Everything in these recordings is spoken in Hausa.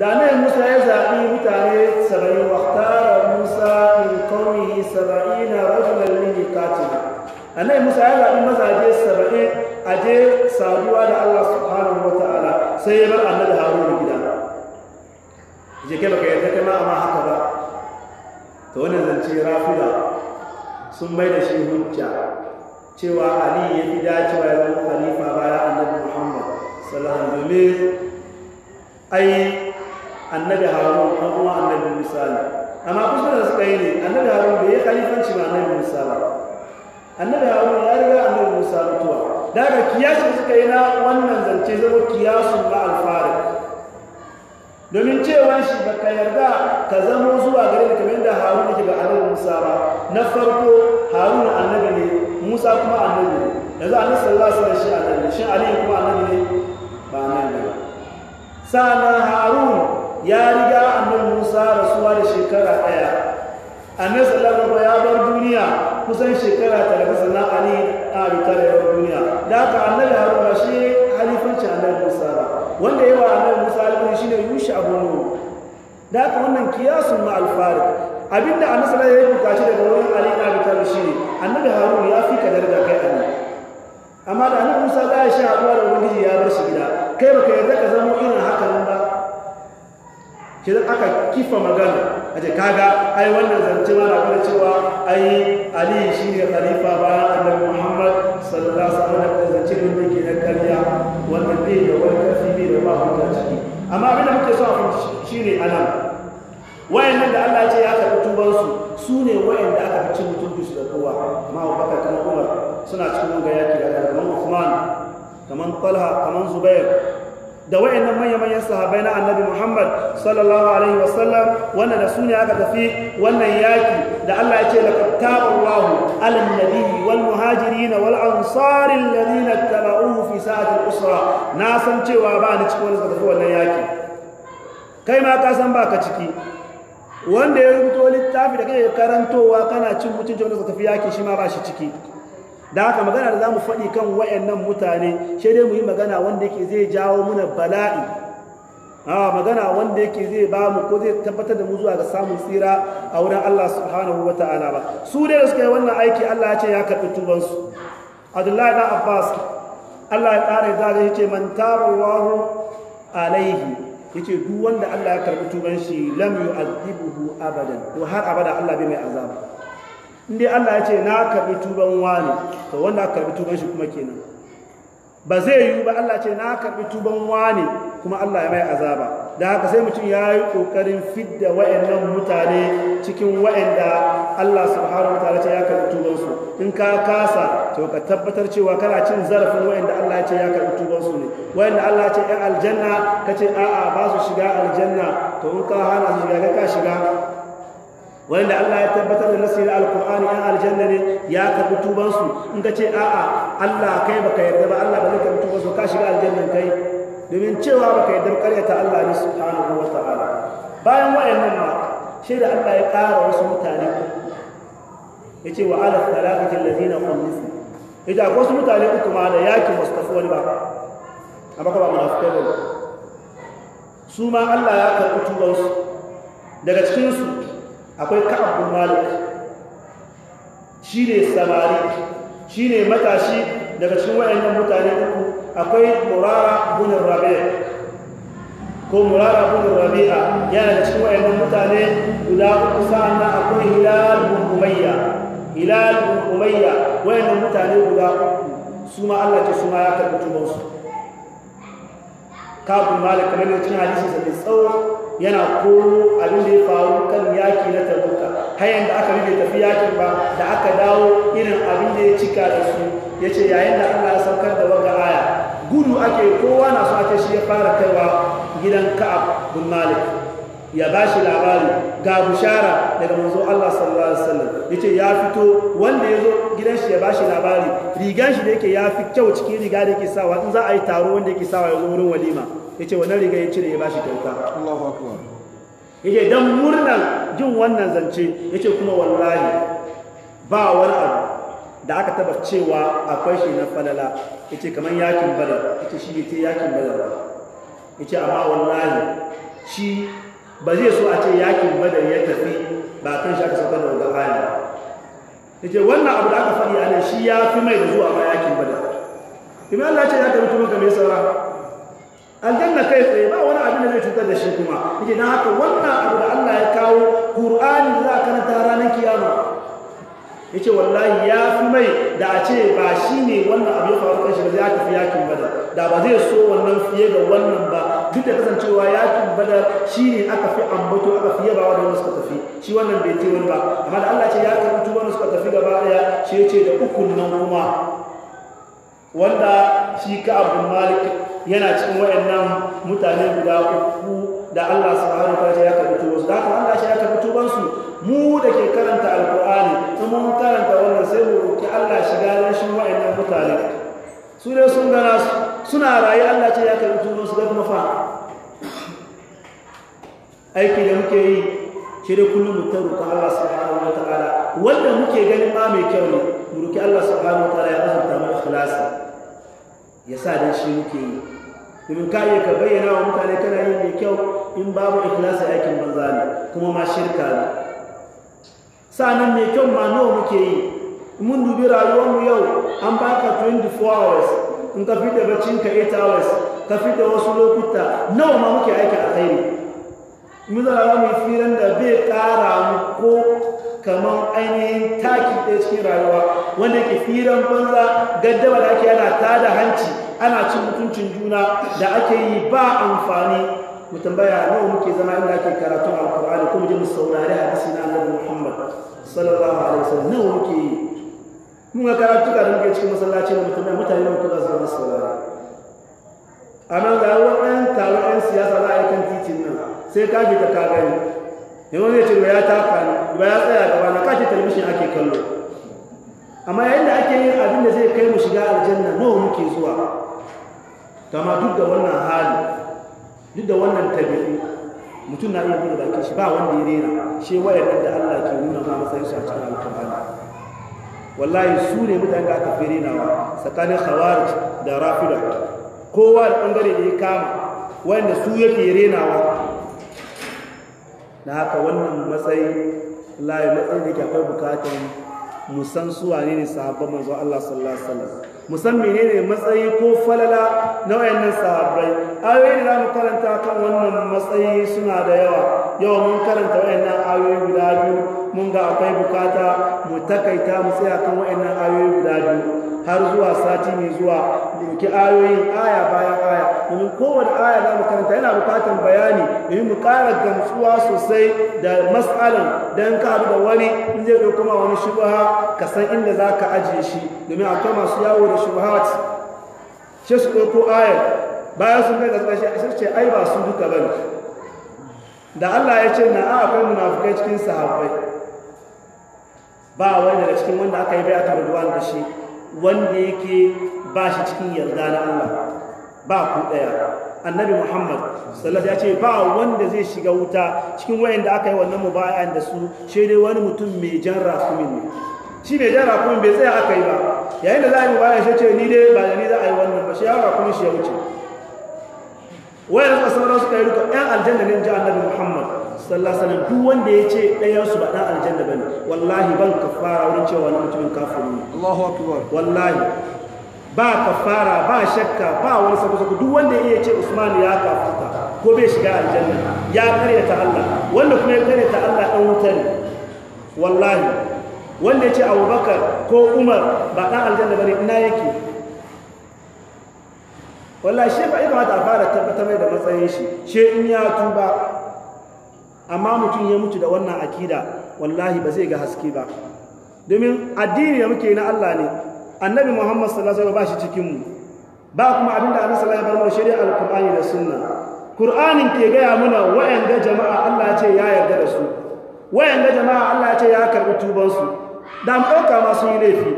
da nan musa ya zaɓi mutane saba'in waktara musa min kawai saba'ina rajulan min katina a nan musa ya zaɓi mazaje saba'in a je saduwa da allah subhanahu wa ta'ala sai ya bar annabi da gida je kai baka yarda kai ma amma haka ba Ta wannan zance rafida sun mai da shi hujja cewa ali ya fi dacewa ya zama khalifa bayan annabi muhammad sallallahu alaihi wasallam domin ai annabi harun ɗan kuma annabi musa ne amma kusa da suka yi ne annabi harun bai yi kalifanci ba annabi musa ba annabi harun ya riga annabi musa mutuwa da kiyasu suka yi na wannan zance zama kiyasu ba alfari domin cewa shi ba ka yarda ka zamo zuwa gare da kamar da harun yake ga annabi musa ba na farko harun annabi ne musa kuma annabi ne yanzu annabi sallallahu za su shi annabi shi aliyu kuma annabi ne ba annabi ba sana harun ya riga annabi musa rasuwa da shekara ɗaya annabi sallallahu ba ya bar duniya kusan shekara talatin sannan ali a rika da yawar duniya da haka annabi haruna shi halifanci annabi musa ba wanda yawa annabi musa shi ne yusha abu nuhu da aka wannan kiyasun ma alfarik abinda annabi sallallahu alaihi ya bukaci daga wurin ali na rika da shi annabi haruna ya fi ka da kai annabi amma da annabi musa za ya sha haɗuwa da ubangiji ya bar shi gida kai baka yarda ka zama irin haka nan ba kidan aka kifa magana a ce kaga ai wannan zance ma na cewa ai ali shi ne khalifa a annabi muhammad sallallahu alaihi wasallam zance wanda ke na karya wannan bai da wani kafi ne da ba hujja ciki amma abin da muke so a fahimci shine anan wayannan da Allah ya ce ya karɓi tuban su su ne wayanda aka fi cin mutunci su da kowa amma Abubakar kamar Umar suna cikin wanga ke da kamar Uthman kamar Talha kamar Zubair da wayannan manya-manyan sahabbai na annabi Muhammad sallallahu alaihi wasallam wanda da su ne aka tafi wannan yaki da Allah ya ce laqad taballahu alan nabi wal muhajirin wal ansar alladhina tabauhu fi sa'ati usra na san cewa ba ni cikin suka tafi wannan yaki kai ma ka san baka ciki wanda ya rubuto littafi da kake karantowa kana cin mutunci wanda tafi yaki shi ma ba shi ciki da haka magana da za mu faɗi kan wayannan mutane shi dai mu yi magana wanda yake zai jawo muna bala'i a magana wanda yake zai ba mu ko zai tabbatar da mu zuwa ga samun tsira a wurin Allah subhanahu wa ta'ala ba su dai da suka yi wannan aiki Allah ya ce ya karɓi tubansu Abdullahi na Abbas Allah ya ƙara da ya ce man tabarwahu alaihi yace duk wanda Allah ya karɓi tuban shi lam yu'adhibuhu abadan ko har abada Allah bai mai azaba inda Allah ya ce na karbi tuban wani to wanda aka karbi tuban shi kuma kenan ba zai yi ba Allah ce na karbi tuban wani kuma Allah ya mai azaba da haka sai mutum ya yi kokarin fidda wayannan mutane cikin wa'anda Allah subhanahu wataala ce ya karbi tuban su in ka kasa to ka tabbatar cewa kana cin zarafin wayanda Allah ya ce ya karbi tuban su ne wayanda Allah ya ce ɗan aljanna kace a'a ba su shiga aljanna to in ka hana su shiga ka shiga wanda Allah ya tabbatar da nasir alqur'ani an aljanna ne ya karbi tubansu. in ka ce a'a Allah kai baka yarda ba Allah ba zai karbi tuban ka shiga aljannan kai domin cewa baka yarda karyata Allah ne subhanahu wa ta'ala bayan nan ma shi da Allah ya ƙara wasu mutane ya ce wa ala talaqati allazina khulifu ita ko su mutane uku ma da yakin mustafa wani ba amma kuma munafikai su ma Allah ya karbi tubansu. daga cikinsu. su akwai ka'ab malik malik shine samari shine matashi daga cikin wayannan mutane uku akwai murara bin rabi'a ko murara bin rabi'a yana da cikin wayannan mutane guda uku sa'anna akwai hilal bin hilal bin wayannan mutane guda uku su ma Allah ce su ma ya karɓi tubansu kafin malik kamar yau cin hadisi mai tsawo yana koro abin da ya faru kan yaki na hanyar da aka rufe tafi yakin ba da aka dawo irin abin da ya cika da su yace yayin da allah ya saukar da wanga aya gudu ake kowa na so ake shi ya fara kaiwa gidan ka'ab bin malik ya ba labari ga bushara daga manzo allah sallallahu alaihi wasallam yace ya fito wanda ya zo gidan shi ya ba labari rigan shi da yake ya fi kyau cikin riga da yake sawa in za a yi taro wanda yake sawa ya zo wurin walima yace wannan riga ya cire ya bashi shi kyauta allahu akbar yake dan murnan jin wannan zance yake kuma wallahi ba wani abu da aka taba cewa akwai shi na falala yake kaman yakin badar yake shi ne yakin badar yace amma wallahi shi ba zai so a ce yakin badar ya tafi ba kan shi aka saka da wannan aya yace wannan abu da aka faɗi anan shi ya fi mai zuwa ba yakin badar kuma Allah ya ce ya tafi maka mai saura aljanna kai tsaye ba wani abin da zai cutar da shi kuma yake na haka wannan abu da Allah ya kawo Qur'ani za ka na tara nan kiyama yake wallahi ya fi mai da a ce ba shi ne wannan abu ya faru kan shi ba zai tafi yakin ba da ba zai so wannan fiye da wannan ba duk da kasancewa yakin badar shi ne aka fi ambato aka fi ba da wanda suka tafi shi wannan bai ce wani ba amma da Allah ce ya karbi wannan suka tafi gaba daya shi yace da ukun nan kuma wanda shi ka abdul malik yana cikin wayannan mutane guda uku da Allah subhanahu wa ta'ala ya karbi wasu da haka Allah shi ya karbi tuban mu da ke karanta alqur'ani in mun karanta wannan sai mu roki Allah shiga ne shi wayannan mutane su ne sun gana suna rayu Allah ce ya karbi tuban su da kuma fa aiki da muke yi shi dai kullum mu taruka Allah subhanahu wa wanda muke ganin ma mai kyau ne mu roki Allah subhanahu wa ta'ala ya azurta mu ikhlasi ya sa dan shi muke yi domin ka iya ka bayyana wa mutane kana yi mai kyau in babu ikilasa aikin banza ne kuma ma shirka ne sa'annan mai kyau ma nawa muke yi mun dubi rayuwarmu yau an baka 24 hours in ka fita baccin ka 8 hours ka fita wasu lokuta nawa ma muke aiki a kai mun zara wani firan da bai kara mu ko kamar ainihin taki ɗaya cikin rayuwa wanda ke firan banza gaddawa da ake yana tada hanci ana cin mutuncin juna da ake yi ba amfani mu tambaya nawa muke zama inda ake karatun alkur'ani kuma je mu saurari hadisi na annabi muhammad sallallahu alaihi wasallam nawa muke yi mun ga karatu da muke cikin masallaci mu mutum mutane nawa kuka zama saurari amma ga wannan taron ɗan siyasa za a yi kan titin nan sai ka ji ta ka gani yanzu zai ce ya taka ni ba ya tsaya gaba na kashe talibishin ake kallo amma yayin da ake yin abin da zai kai mu shiga aljanna nawa muke zuwa kama duk da wannan hali duk da wannan tabi'i mutum na iya gudu bakin shi ba wanda ya rera shi wayar da Allah ke nuna ma matsayin shi a cikin alƙur'ani wallahi su ne mutane da aka fi renawa tsakanin khawarij da rafida kowa da bangare da ya kama wanda su yake renawa da haka wannan matsayi layi matsayin da ke akwai bukatun musan suwa ne ne sahabban manzo Allah sallallahu alaihi wasallam musamman ne matsayi ko falala na wayannan sahabbai ayoyi da za mu karanta kan wannan matsayi suna da yawa yau mun karanta wayannan ayoyi guda biyu mun ga akwai bukata mu takaita mu tsaya kan wayannan ayoyi guda biyu har zuwa sati mai zuwa dinki ayoyin aya bayan aya domin kowane aya da mu karanta yana bukatan bayani domin mu ƙara gamsuwa sosai da mas'alan dan ka haɗu da wani in zai ɗauko ma wani shubha ka san inda zaka ka ajiye shi domin akwai masu yawo da shubhat sai su ɗauko aya bayan sun kai ga tsakashi ce ai ba su duka bane da Allah ya ce na akwai munafukai cikin sahabbai ba wani daga cikin wanda aka yi bai'atar ruwan da shi wanda yake ba shi cikin yarda na Allah ba ku daya annabi Muhammad sallallahu ya ce ba wanda zai shiga wuta cikin wayan da aka yi wannan mubaya'an da su shi dai wani mutum mai jan rakumin ne shi mai jan rakumin bai tsaya aka yi ba yayin da za a yi mubaya'an shi ce ni dai ba da ni za a yi wannan ba shi ya rakumin shi ya wuce wayar da sauran suka yi duka ɗan aljanna ne ji annabi muhammad sallallahu alaihi wasallam duk wanda ya ce ɗayan su ba ɗan aljanna ne wallahi ban kafara wurin cewa wani mutumin kafiri ne allahu akbar wallahi ba kafara ba shakka ba wani sako sako duk wanda ya ce usman ya kafuta ko bai shiga aljanna ya karya ta allah wanda kuma ya karya ta allah ɗan wuta ne wallahi wanda ya ce abubakar ko umar ba ɗan aljanna ba ne ina yake wallah shi ba ya ta fara tabbata mai da matsayin shi she in ya tuba amma mutum ya mutu da wannan akida wallahi ba zai ga haske ba domin addini da muke na Allah ne annabi Muhammad sallallahu alaihi wasallam ba shi cikin mu ba kuma abinda annabi sallallahu alaihi wasallam shari'a alqur'ani da sunna qur'anin ke gaya muna ga jama'a Allah ya ce ya yarda da su wayanda jama'a Allah ya ce ya karbi tubansu da mu dauka ma sun yi laifi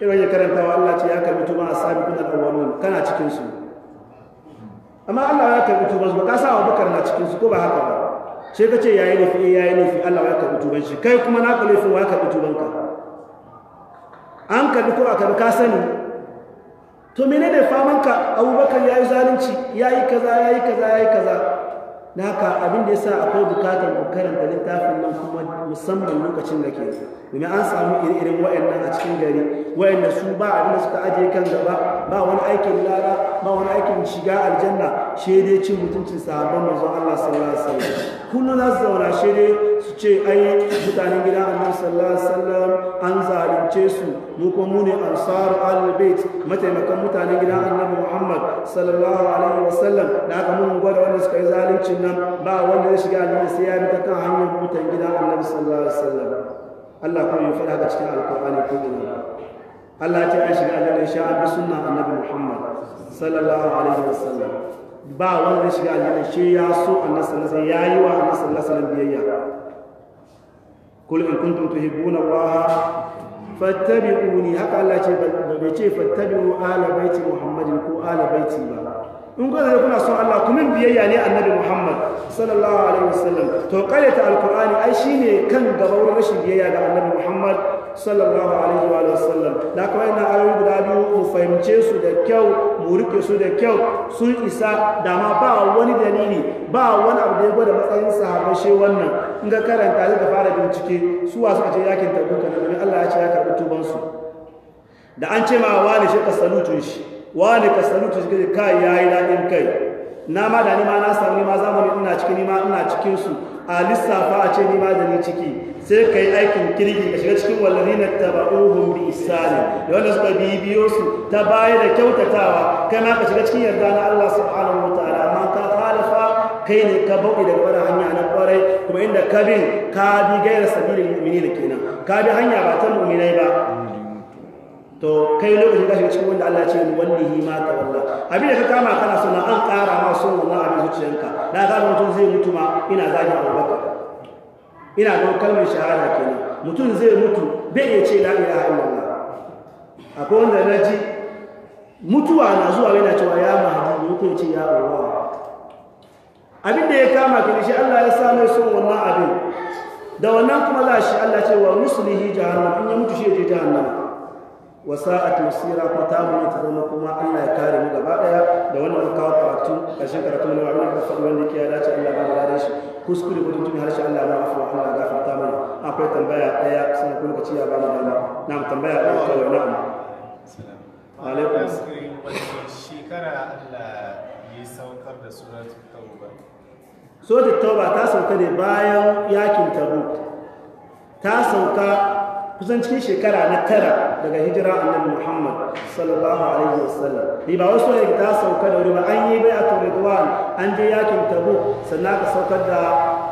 irin ya karanta wa Allah ce ya karbi tuba a sami al-awwalun kana cikinsu. amma Allah ya karbi tuba su ka sa Abubakar na cikinsu ko ba haka ba ce ka ce yayi nufi ya yi nufi eh, Allah ya karbi tuban shi kai kuma na kalle wa ya karbi tuban ka an karbi ko a ka sani to menene faman ka Abubakar yi zalunci ya yi kaza ya yi kaza ya yi kaza haka abin da sa akwai bukatar mu da littafin nan kuma musamman lokacin da ke domin an samu irin iren waɗannan a cikin gari wayanda su ba abin da suka ajiye kan gaba ba wani aikin lara ba wani aikin shiga aljanna shi cin mutuncin sahabban manzon Allah sallallahu alaihi wasallam kullu za su zauna shi su ce ai mutanen gida Annabi sallallahu alaihi wasallam an zalunce su mu kuma mu ne ansar al-bait mataimakan mutanen gida Annabi Muhammad sallallahu alaihi wasallam da aka mun gwada wanda suka yi zaluncin nan ba wanda ya shiga aljanna sai ya bi ta kan hanyar mutan gida Annabi sallallahu alaihi wasallam Allah kuma ya faɗa ga cikin alƙur'ani ko ina Allah ta ya shiga aljanna sha bi suna annabi Muhammad sallallahu alaihi wa sallam. ba wanda shiga aljanna shi ya so annabi sallallahu alaihi wasallam yayi wa annabi sallallahu alaihi wasallam biyayya kul in kuntum tuhibbuna Allah fattabi'uni haka Allah ce bai ce fattabi'u ala baiti Muhammadin ko ala baiti ba in kuka zai kuna son Allah kuma biyayya ne annabi Muhammad sallallahu alaihi wasallam to qalat alqur'ani ai shine kan gaba wurin rashin biyayya ga annabi Muhammad sallallahu alaihi wa sallam da kuma ina ayoyi guda biyu mu fahimce su da kyau mu rike su da kyau sun isa da ma ba wani dalili ba wani abu da ya gwada matsayin sahabbai shi wannan in ga karanta zai fara bincike su wasu a ce yakin tabuka da Allah ya ce ya karbi tuban da an ce ma wani shi kasalutun shi wani ka sanu ta shiga kai yayi daɗin kai na ma da ni ma na samu ni ma zamani ina ciki ni ma ina cikin su a lissafa a ce ni ma da ni ciki sai ka yi aikin kirki ka shiga cikin wallani na taba'uhun bi isani da wanda suka biyo su ta baya da kyautatawa kai ma ka shiga cikin yarda na Allah subhanahu wa ta'ala amma ka halafa kai ne ka bauɗe daga wani hanya na kwarai kuma inda ka bin ka bi gairar sabirin mu'mini da kenan ka bi hanya ba ta mu'minai ba to kai lokacin gashi cikin wanda Allah ce wallahi ma ta walla abin da ka kama kana na an ƙara ma son wannan abin ka. da ga mutum zai mutu ma ina zagi Abubakar ina ga kalmar shahada kenan mutum zai mutu bai ya ce la ilaha illallah akwai wanda na ji mutuwa na zuwa yana cewa ya mahdi ce ya Allah abin da ya kama kin shi Allah ya sa mai son wannan abin da wannan kuma za shi Allah ce wa muslihi jahannam in ya mutu shi ya je jahannam wa a tausira ko ta mu ta zama kuma Allah ya kare mu gaba daya da wannan kawo karatu kashin karatu na wani da faɗi wanda ke ya dace Allah ba ya dace kuskure ko tuntuni harshe Allah ya afuwa Allah ya gafarta mana akwai tambaya daya sai ku lokaci ya ba mu dama na tambaya daya kawai na'am alaikum shekara Allah ya saukar da suratul tauba suratul tauba ta sauka ne bayan yakin tabuk ta sauka kusan cikin shekara na tara daga hijira annabi muhammad sallallahu alaihi wasallam ni ba wasu ne ta sauka da wuri ba an yi bai a turidwan an je yakin tabu sannan aka saukar da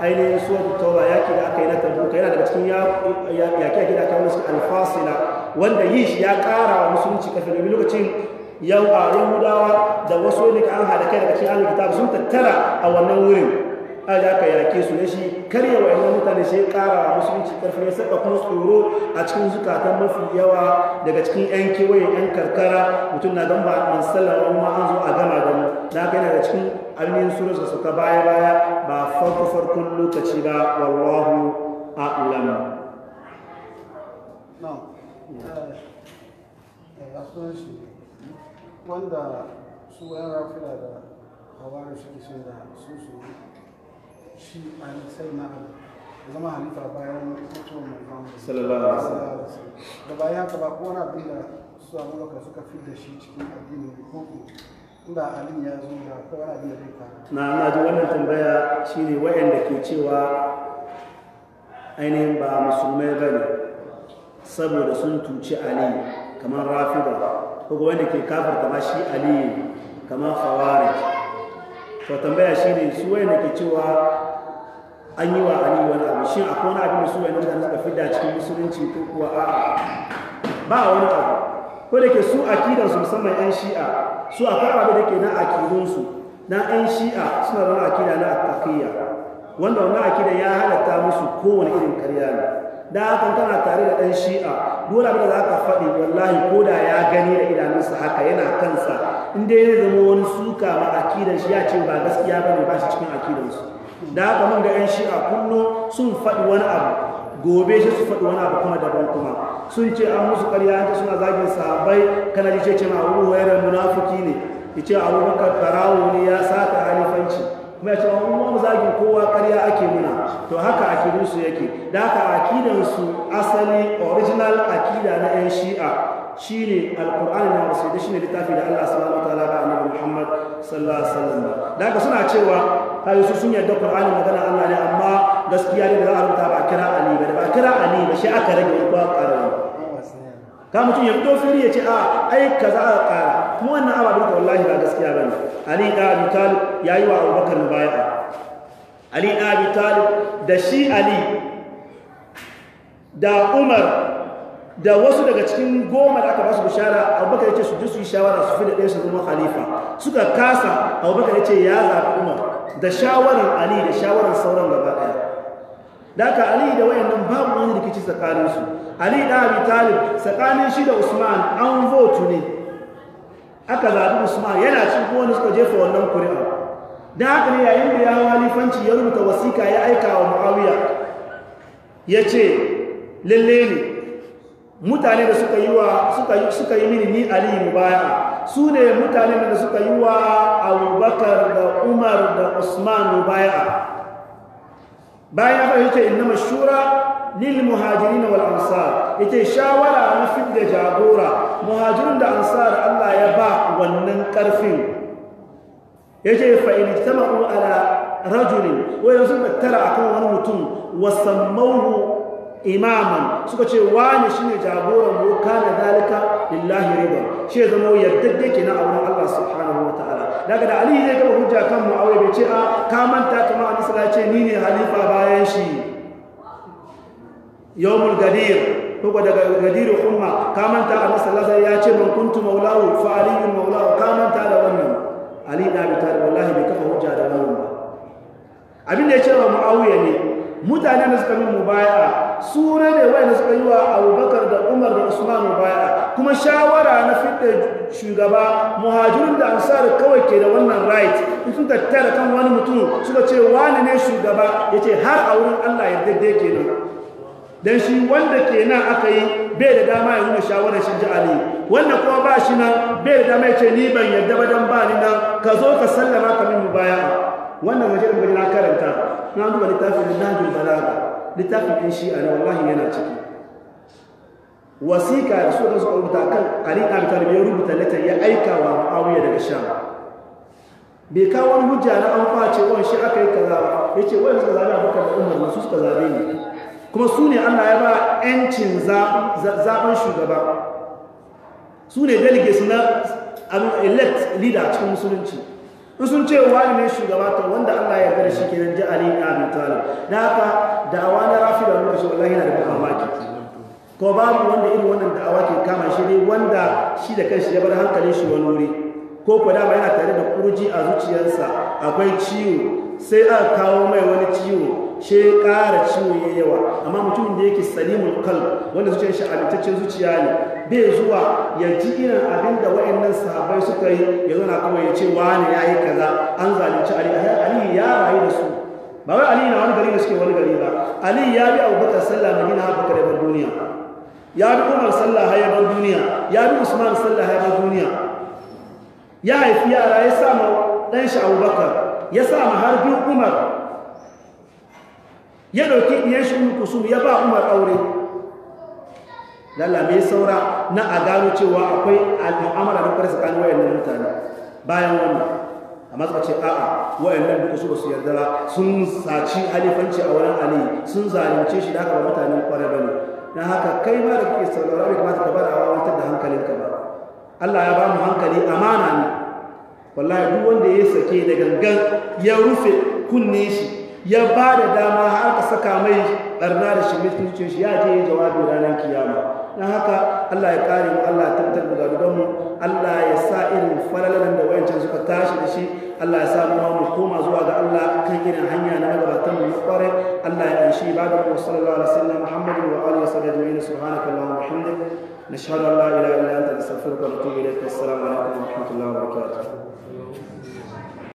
ainihin suwatu tauba yaki da aka yi na tabu yana daga cikin yaki yaki da aka musu alfasila wanda yi shi ya kara wa musulunci kafin domin lokacin yau a yahudawa da wasu ne an haɗa kai daga cikin alkitab sun tattara a wannan wurin a aka yake su ne shi karya wa mutane shi kara musulunci karfi ya saka kuma tsoro a cikin zukatan mafi yawa daga cikin yan kewaye yan karkara mutum na don ba man sallama kuma an zo a gama da mu na gana daga cikin almin surus da suka baya baya ba farko farkon lokaci ba wallahu a'lam wanda su yan rafila da suke sai da su su shi sai na zama halifa bayan mutuwar Muhammad da bayan haka ba kowane abin da su abu suka fi da shi cikin addini ko inda alin ya zo da akwai wani abin da zai faru na na ji wannan tambaya shine wayanda ke cewa ainihin ba musulmai ba ne saboda sun tuci ali kamar rafida ko wanda ke kafirta ma shi ali kamar khawarij to tambaya shine su wayanda ke cewa an yi wa ali wani abu shin akwai wani abin su wani mutane suka fidda cikin musulunci ko kuwa a'a ba wani abu ko da ke su akidan su musamman yan shi'a su akwai abu da ke na akidunsu na yan shi'a suna da akida na attaqiyya wanda wani akida ya halatta musu kowane irin karya ne da hakan tana tare da ɗan shi'a dole abin da za ka faɗi wallahi ko da ya gani da idanunsa haka yana kansa in dai ya zama wani suka ma akidan shi ya ce ba gaskiya ba ne ba shi cikin akidansu da haka mun ga yan shi'a kullum sun faɗi wani abu gobe shi su faɗi wani abu kuma daban kuma sun ce an musu ƙarya an suna zagin sabai kana ce ce ma abu wairar munafiki ne ya ce wurin tarawo ne ya sata halifanci kuma ya ce an mu zagin kowa ƙarya ake muna to haka akidunsu yake da haka akidansu asali original akida na yan shi'a shine ne alkur'ani na wasu da shi ne littafi da allah subhanahu wa ta'ala ga annabi muhammad sallallahu alaihi wasallam da haka suna cewa kayo su sun yarda Qur'ani magana Allah ne amma gaskiya ne da za a rubuta ba kira Ali ba ba kira Ali ba shi aka rage ba ƙara ka mutum ya fito fili ya ce a ai kaza a ƙara kuma wannan ababin ka wallahi ba gaskiya ba ne Ali da Abi Talib ya yi wa Abubakar mubaya Ali da Abi Talib da shi Ali da Umar da wasu daga cikin goma da aka basu su bishara abubakar ya ce su su yi shawara su fi da ɗaya su zama khalifa suka kasa abubakar ya ce ya zaɓi umar da shawarar ali da shawarar sauran gaba ɗaya da aka ali da wayan nan babu wani rikici tsakaninsu ali da abi talib tsakanin shi da usman an votu ne aka zaɓi usman yana cikin wani suka jefa wannan kuri'a da haka ne yayin da ya halifanci ya rubuta wasika ya aika wa muawiya ya ce lalle ne mutane da suka yi wa suka suka yi mini ni ali mubaya su ne mutane da suka yi wa abubakar da umar da usman mubaya bayan ya yace innama shura lil muhajirin wal ansar yace shawara na fit jagora muhajirin da ansar Allah ya ba wannan karfin yace fa in tama'u ala rajulin wa yanzu tara akan wani mutum wasammauhu imaman suka ce wani ne jagoran mu kana zalika lillahi riba shi ya zama yardadde kenan a wurin Allah subhanahu ta'ala. daga da Ali zai kafa hujja kan Muawiya bai ce a kamanta kama kamar Annabi ce ni ne halifa bayan shi yawmul gadir ko daga gadir kuma kamanta manta Annabi sallallahu ya ce man kuntu maulahu fa Aliyu maulahu kamanta da wannan Ali da bi tar wallahi bai kafa hujja da wannan ba abin da ya ce wa Muawiya ne mutane da suka min mubaya'a sura ne da suka yi wa abubakar da umar da usmanu baya kuma shawara na fitar shugaba muhajirun da ansar kawai ke da wannan right in sun tattara kan wani mutum suka ce wani ne shugaba ya ce har a wurin allah ya daidai ke nan don shi wanda ke nan aka yi bai da dama ya nuna shawarar shi ji ali wanda kuma ba shi nan bai da dama ya ce ni ban yadda ba don ba ni nan ka zo ka sallama ka min mu baya wannan wajen da na karanta na duba littafin na nahjul balaga littafin ɗin shi a na yana ciki wasiƙa da su da rubuta kan ali da talib rubuta latar ya aika wa muawiya daga sham bai kawo wani hujja na an face wa shi aka yi kaza ba ya ce wani suka zaɓi abokan umar masu suka zaɓe ne kuma su ne allah ya ba 'yancin zaɓen shugaba su ne delegates na um, elect leader cikin musulunci in sun ce wani ne shugaba to wanda Allah ya da shi kenan ji Ali ibn Abi Talib da haka da'awa na Rafi da Nuru sallallahu alaihi da mamaki ko babu wanda irin wannan da'awa ke kama shi ne wanda shi da kanshi ya bar hankali shi wani wuri ko ko dama yana tare da kurji a zuciyarsa akwai ciwo sai aka kawo mai wani ciwo she kara ciwo yayi yawa amma mutumin da yake salimul qalb wanda zuciyar shi abitaccen zuciya ne bai zuwa ya ji irin abin da wa'annan sahabbai suka yi ya zana kuma ya ce wa ne ya yi kaza an zalunci ali ali ya rayu da su ba wai ali na wani gari da suke wani gari ba ali ya bi abubakar sallah na gina haka da bar duniya ya bi umar sallah ya bar duniya ya bi usman sallah ya bar duniya ya haifi yara ya sa ma ɗan shi abubakar ya sa ma har biyu umar ya ɗauki ɗiyan shi kusur ya ba umar aure lalla mai saura na a gano cewa akwai al'amara da kwarai tsakanin wayannan mutane bayan wannan amma matsa ce a'a wayannan duka su basu yarda sun saci halifanci a wurin ali sun zalunce shi da haka ba mutanen kwarai bane na haka kai ma da kake saurara bai kamata ka bar a wawantar da hankalinka ba Allah ya ba mu hankali amana ne wallahi duk wanda ya sake da gangan ya rufe kunne shi ya ba da dama har ka saka mai barna da shi mutuncin shi ya je jawabi ranar kiyama don haka Allah ya kare mu Allah ya tabbatar da galubanmu Allah ya sa irin falalan da wayancan suka tashi da shi Allah ya sa mu mu koma zuwa ga Allah kan irin hanya na magabatan mu kware Allah ya anshi ibadar mu sallallahu alaihi wasallam Muhammadin wa alihi wasallam ajma'in subhanaka allahumma wa bihamdik nashhadu an la ilaha illa anta nastaghfiruka wa natubu ilayk assalamu alaikum wa rahmatullahi wa barakatuh